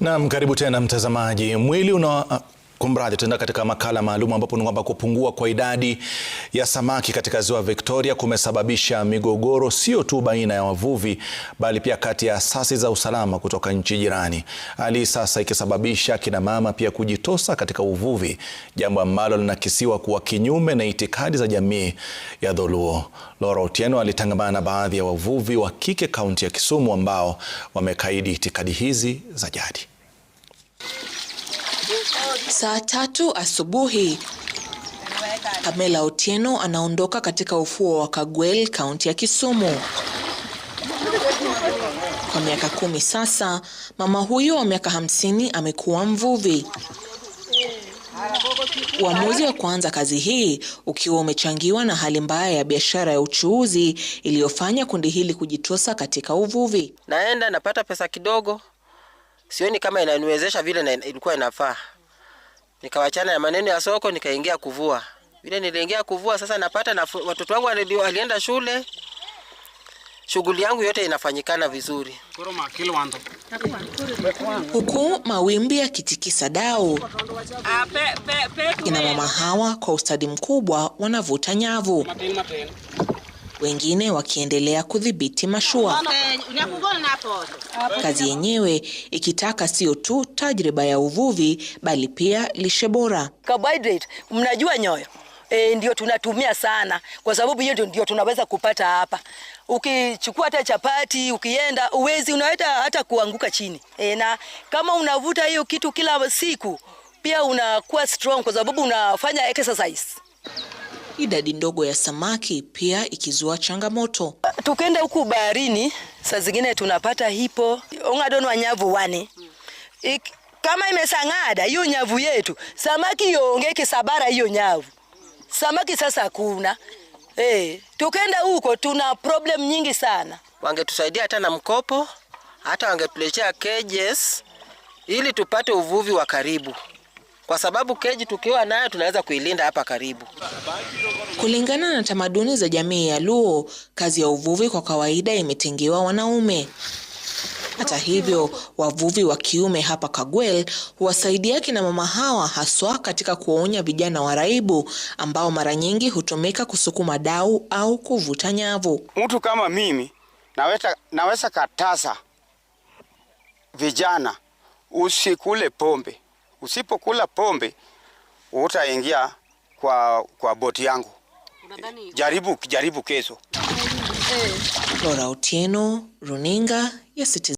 Naam, karibu tena mtazamaji. Mwili una Kumradhi, tunaenda katika makala maalum ambapo ni kwamba kupungua kwa idadi ya samaki katika ziwa Victoria kumesababisha migogoro sio tu baina ya wavuvi bali pia kati ya asasi za usalama kutoka nchi jirani. Hali sasa ikisababisha kina mama pia kujitosa katika uvuvi, jambo ambalo linakisiwa kuwa kinyume na itikadi za jamii ya Dholuo. Laura Otieno alitangamana na baadhi ya wavuvi wa kike kaunti ya Kisumu ambao wamekaidi itikadi hizi za jadi. Saa tatu asubuhi, Pamela Otieno anaondoka katika ufuo wa Kagwel, kaunti ya Kisumu. Kwa miaka kumi sasa, mama huyo wa miaka hamsini amekuwa mvuvi. Uamuzi wa kuanza kazi hii ukiwa umechangiwa na hali mbaya ya biashara ya uchuuzi iliyofanya kundi hili kujitosa katika uvuvi. Naenda napata pesa kidogo, sioni kama inaniwezesha vile na ilikuwa inafaa. Nikawachana na maneno ya soko, nikaingia kuvua. Vile niliingia kuvua, sasa napata na watoto wangu walienda shule, shughuli yangu yote inafanyikana vizuri, huku mawimbi kitikisa dau. Ah, Kina mama hawa kwa ustadi mkubwa wanavuta nyavu wengine wakiendelea kudhibiti mashua. Kazi yenyewe ikitaka sio tu tajriba ya uvuvi bali pia lishe bora. Carbohydrate, mnajua nyoyo e, ndio tunatumia sana kwa sababu hiyo ndio tunaweza kupata hapa. Ukichukua hata chapati ukienda uwezi unaweza hata kuanguka chini e, na kama unavuta hiyo kitu kila siku pia unakuwa strong kwa sababu unafanya exercise idadi ndogo ya samaki pia ikizua changamoto. tukenda huku baharini, saa zingine tunapata hipo ongadonwa nyavu wane Ik, kama imesang'ada hiyo nyavu yetu, samaki yongeke sabara hiyo nyavu samaki sasa kuna hey, eh, tukenda huko tuna problem nyingi sana. Wangetusaidia hata na mkopo, hata wangetuletea cages ili tupate uvuvi wa karibu kwa sababu keji tukiwa nayo tunaweza kuilinda hapa karibu. Kulingana na tamaduni za jamii ya Luo, kazi ya uvuvi kwa kawaida imetengewa wanaume. Hata hivyo, wavuvi wa kiume hapa Kagwel huwasaidia kina mama hawa haswa katika kuonya vijana waraibu ambao mara nyingi hutumika kusukuma dau au kuvuta nyavu. Mtu kama mimi naweza, naweza katasa vijana usikule pombe usipokula pombe utaingia kwa, kwa boti yangu. Jaribu jaribu kesho. Eh. Laura Otieno, Runinga ya Citizen.